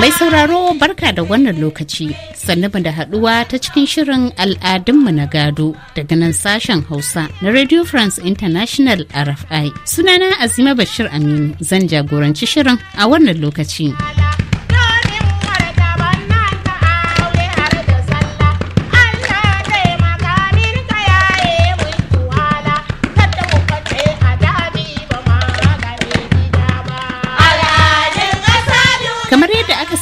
Mai sauraro barka da wannan lokaci sannu da haduwa ta cikin shirin al'adunmu na gado daga nan sashen Hausa na Radio France International RFI. Sunana Azima Bashir Aminu zan jagoranci shirin a wannan lokaci.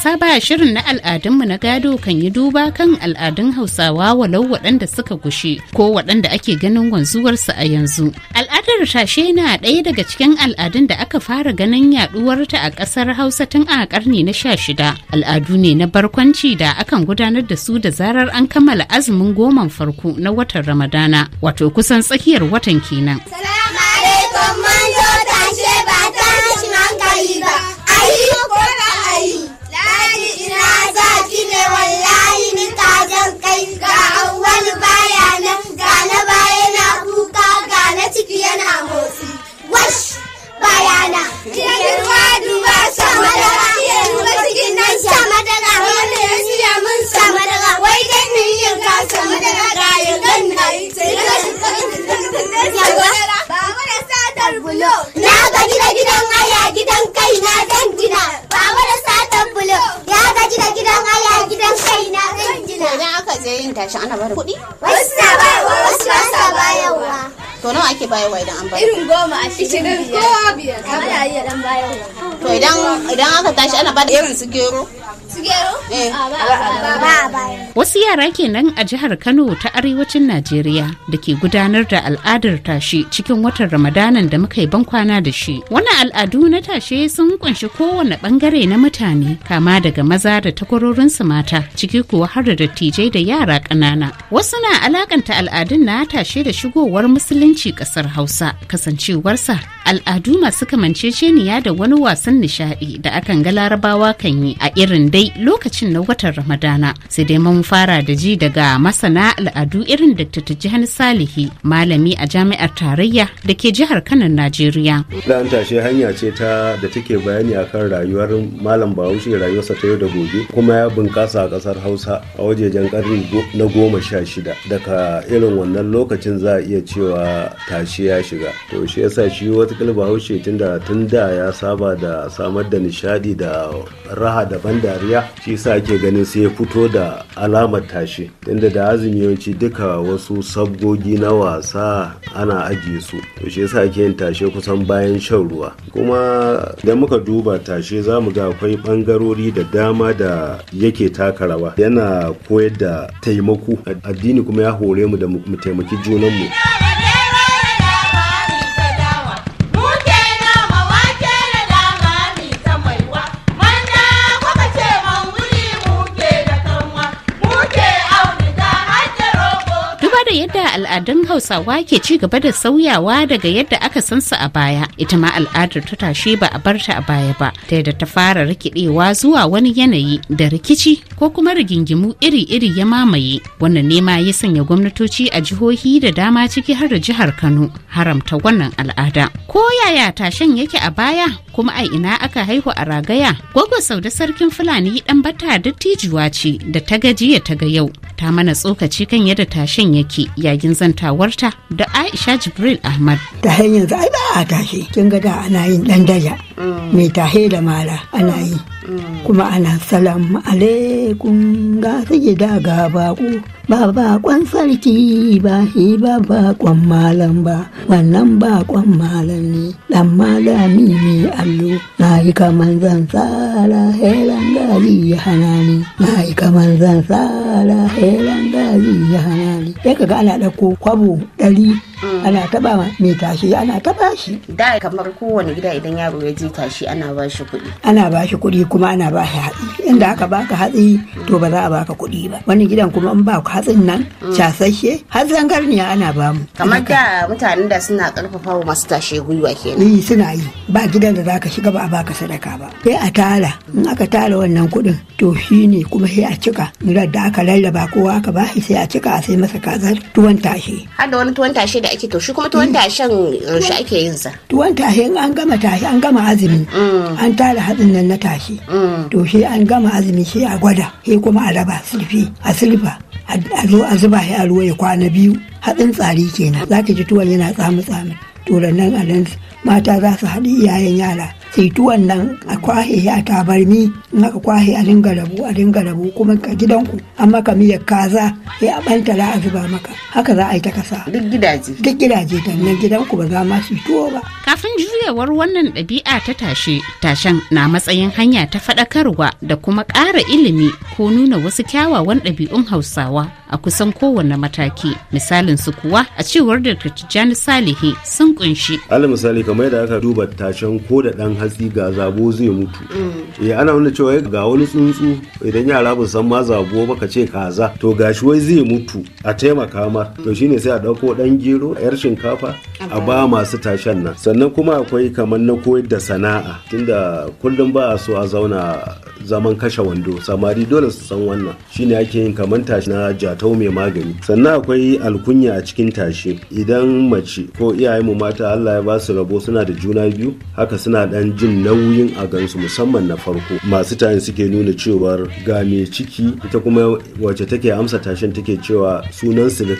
saba shirin na al'adunmu na gado kan yi duba kan al'adun Hausawa walau waɗanda suka gushe ko waɗanda ake ganin wanzuwarsu a yanzu. Al'adar tashe na ɗaya daga cikin al'adun da aka fara ganin yaɗuwarta a ƙasar Hausa tun a ƙarni na sha shida. Al'adu ne na barkwanci da akan gudanar da su da zarar an kammala azumin goman farko na watan Ramadana, wato kusan tsakiyar watan kenan. madara. Girma duba sha madara. Duba cikin nan sha madara. Wanda ya siya mun madara. Wai dai mu yi yanka sha madara. Ga yankan na yi. Ba mu da satar bulo. Na gaji da gidan haya gidan kai na zan gina. Ba mu da satar bulo. Ya gaji gida gidan haya gidan kai na zan gina. Idan aka je yin tashi ana bada kuɗi. Wasu na bayarwa wasu ba sa bayarwa. to nawa ake wa idan an bayar irin goma a shirin ko biyar ana iya dan bayarwa to idan idan aka tashi ana bada irin su gero Eh. Ah, Wasu yara kenan a jihar Kano ta arewacin Najeriya da ke gudanar da al'adar tashe cikin watan Ramadanan da muka yi bankwana da shi. Wani al'adu na tashe sun kunshi kowane bangare na mutane kama daga maza da takwarorinsu mata ciki kuwa har da dattijai da yara ƙanana. Wasu na alakanta al'adun na tashe da shigowar musulunci ƙasar Hausa kasancewarsa al'adu masu kamanceceniya da wani wasan nishadi da akan ga larabawa kan yi a irin dai lokacin na watan ramadana sai dai mun fara da ji daga masana al'adu irin da dr hani salihi malami a jami'ar tarayya da ke jihar kano najeriya da an tashe hanya ce ta da take bayani akan rayuwar malam bahaushe rayuwarsa ta yau da gobe kuma ya bunkasa a kasar hausa a wajejen karni na goma sha shida daga irin wannan lokacin za a iya cewa tashe ya shiga to shi yasa shi wata alkali bahaushe tunda tun da ya saba da samar da nishadi da raha da ban dariya shi sa ake ganin sai ya fito da alamar tashi tunda da azumi yawanci duka wasu sabgogi na wasa ana ajiye su to shi yasa ake yin tashe kusan bayan shan ruwa kuma idan muka duba tashe za mu ga akwai bangarori da dama da yake taka rawa yana koyar da taimako addini kuma ya hore mu da mu taimaki junanmu. mu yadda al'adun hausawa ke ci gaba da sauyawa daga yadda aka san su a baya ita ma al'adar ta tashe ba a barta a baya ba ta yadda ta fara rikidewa zuwa wani yanayi da rikici ko kuma rigingimu iri-iri ya mamaye wannan nema ya sanya gwamnatoci a jihohi da dama ciki har da jihar kano haramta wannan al'ada ko yaya tashen yake a baya kuma a ina aka haihu a ragaya gogo sau da sarkin fulani dan bata dattijuwa ce da ta gajiya ta ga yau ta mana tsokaci kan yadda tashen yake yayin zantawarta da Aisha Jibril Ahmad. Da hanyar za a da kin ga da ana yin dan daya mai tahe da mara ana yi kuma ana salam alaikum ga suke daga bako ba bakon sarki ba ba bakon malam ba wannan bakon malam ne dan malami ne allo na yi kaman zan tsara helan gari ya hana ni na yi kaman zan tsara helan gari ya hana ni ya kaga ana ɗauko kwabo ɗari ana taba mai tashi ana taba shi da kamar kowane gida idan yaro ya je tashi ana ba shi kuɗi ana ba shi kuɗi kuma ana ba shi hatsi inda aka baka hatsi to ba za a baka kuɗi ba wani gidan kuma in ba hatsin nan mm. casashe har garniya ana ba mu kamar da mutanen da suna karfafa wa masu tashe gwiwa kenan eh, suna yi ba gidan da zaka shiga ba a baka sadaka ba sai a tara in aka tara wannan kuɗin to ne kuma sai a cika da aka lallaba kowa aka ba shi sai a cika a sai masa kazar tuwon tashe har da wani tuwon tashe da da ake to shi kuma tuwon tashen uh, shi ake yin sa tuwon tashi in an gama tashi an gama azumi mm. an tara hatsin nan na tashe. Mm. to shi an gama azumi shi a gwada shi kuma a raba sulfi a silfa a zo a zuba shi a ruwa ya kwana biyu hatsin tsari kenan zaka ji tuwon yana tsamu tsamu to nan a nan mata za su haɗi iyayen yara tsituwan nan a kwahe a tabarmi in aka kwahe a dinga rabu a dinga rabu kuma ka gidanku an maka miyar kaza ya a za a zuba maka haka za a yi ta kasa duk gidaje duk gidaje nan gidanku ba za ma su tuwo ba kafin juyawar wannan ɗabi'a ta tashe tashen na matsayin hanya ta faɗakarwa da kuma ƙara ilimi ko nuna wasu kyawawan ɗabi'un hausawa a kusan kowane mataki misalin su kuwa a cewar da tijjani salihi sun kunshi alal misali kamar yadda aka duba tashen ko da ɗan hatsi ga zabo zai mutu eh ana nuna cewa eh, ga wani tsuntsu idan yara ba san ma zabo ba ka ce kaza to gashi wai zai mutu a taimaka ma to shine sai a dauko dan gero yar shinkafa a ba masu tashen nan sannan kuma akwai kamar na koyar da sana'a tunda kullum ba a so a zauna zaman kashe wando samari dole su san wannan shine ake yin kamar tashi na jatau mai magani sannan akwai alkunya a cikin tashi idan mace ko iyaye mu mata Allah ya ba su rabo suna da juna biyu haka suna dan jin nauyin a gansu musamman na farko masu tayin suke nuna cewa ga mai ciki ita kuma wace take amsa tashin take cewa sunan su ne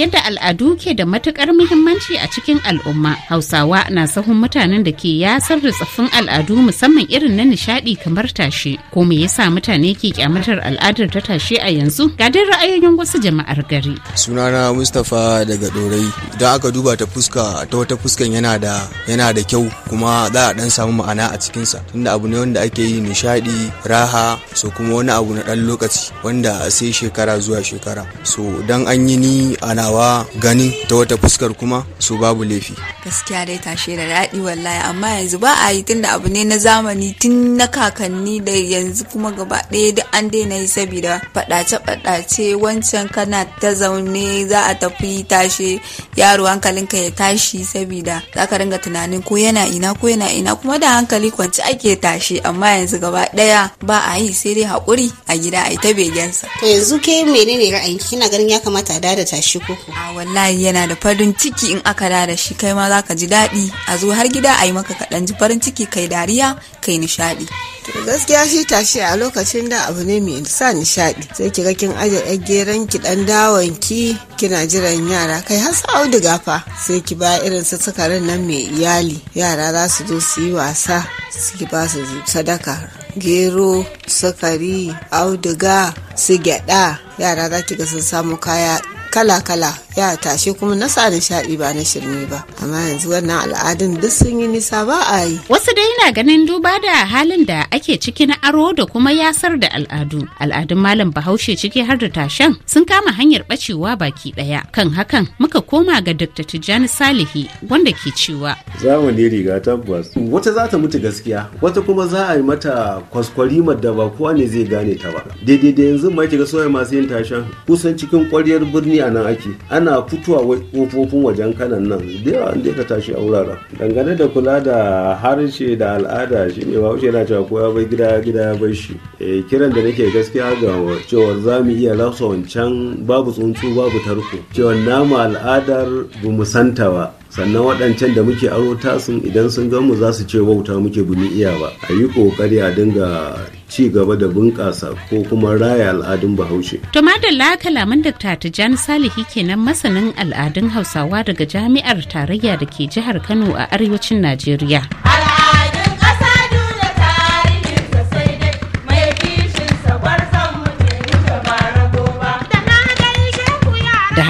yadda al'adu ke da matukar muhimmanci a cikin al'umma hausawa na sahun mutanen da ke yasar da tsaffin al'adu musamman irin na nishadi kamar tashe ko me yasa mutane ke kyamatar al'adar ta tashe a yanzu ga dai ra'ayoyin wasu jama'ar gari sunana mustapha daga dorai idan aka duba ta fuska ta wata fuskan yana da yana da kyau kuma za a dan samu ma'ana a cikinsa tunda abu ne wanda ake yi nishadi raha so kuma wani abu na dan lokaci wanda sai shekara zuwa shekara so dan an yi ni nawa ganin ta wata fuskar kuma su babu laifi gaskiya dai tashe da daɗi wallahi amma yanzu ba a yi tunda abu ne na zamani tun na kakanni da yanzu kuma gaba ɗaya duk an daina yi saboda faɗace faɗace wancan kana ta zaune za a tafi tashe yaro hankalinka ya tashi saboda za ka ringa tunanin ko yana ina ko yana ina kuma da hankali kwanci ake tashe amma yanzu gaba ɗaya ba a yi sai dai haƙuri a gida a yi ta begensa. to yanzu ke menene ra'ayin kina ganin ya kamata a dada tashi ko kake a wallahi yana da farin ciki in aka da da shi kai ma za ka ji daɗi a zo har gida a yi maka kaɗan ji farin ciki kai dariya kai nishaɗi to gaskiya shi tashi a lokacin da abu ne mai sa nishaɗi sai ki ga kin aje yar geran ki dan dawon ki kina jiran yara kai har su auduga fa sai ki ba irin su sukarin nan mai iyali yara za su zo su yi wasa su ba su sadaka gero sukari auduga su gyaɗa yara za ki ga sun samu kaya kala-kala ya tashe kuma na sa nishaɗi ba na shirme ba amma yanzu wannan al'adun duk sun yi nisa ba a yi wasu dai na ganin duba da halin da ake ciki na aro da kuma yasar da al'adu al'adun malam bahaushe ciki har da tashen sun kama hanyar bacewa baki daya kan hakan muka koma ga dr tijjani salihi wanda ke cewa zamani riga tabbas wata za ta mutu gaskiya wata kuma za a yi mata kwaskwarimar da ba kowa ne zai gane ta ba daidai da yanzu ma ga soyayya masu yin tashen kusan cikin kwaryar birni a nan ake ana fitowa kofofin wajen kanan nan da yawa inda ka tashi a wuraren dangane da kula da harshe da al'ada shi ne bahaushe yana cewa ko ya bai gida gida ya bai shi eh, kiran da nake gaskiya ga cewa za mu iya rasa wancan babu tsuntsu babu tarko cewa nama al'adar bu mu santa ba sannan waɗancan da muke aro tasin idan sun ga mu za su ce wauta muke bumi iya ba a yi ƙoƙari a dinga ci gaba da bunƙasa ko kuma raya al'adun bahaushe. To madalla kalaman ta Tijjani Salihi kenan masanin al'adun Hausawa daga Jami'ar Tarayya da ke jihar Kano a arewacin Najeriya.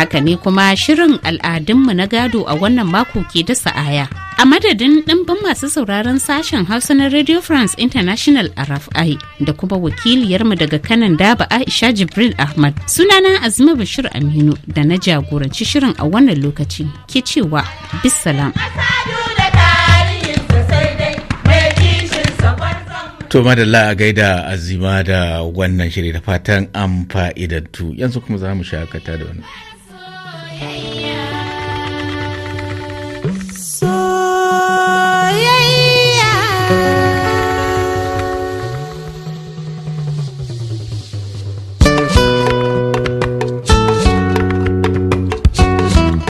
haka ne kuma shirin al'adunmu na gado a wannan mako ke da sa'aya. A madadin ɗimbin masu sauraron sashen Hausa na Radio France International RFI da kuma wakiliyarmu daga kanan daba Aisha Jibril Ahmad sunana Azima Bashir Aminu da na jagoranci shirin a wannan lokaci ke cewa bisalam. To madalla a gaida azima da wannan shiri da fatan an fa'idantu yanzu kuma za mu shakata da wani. Hey.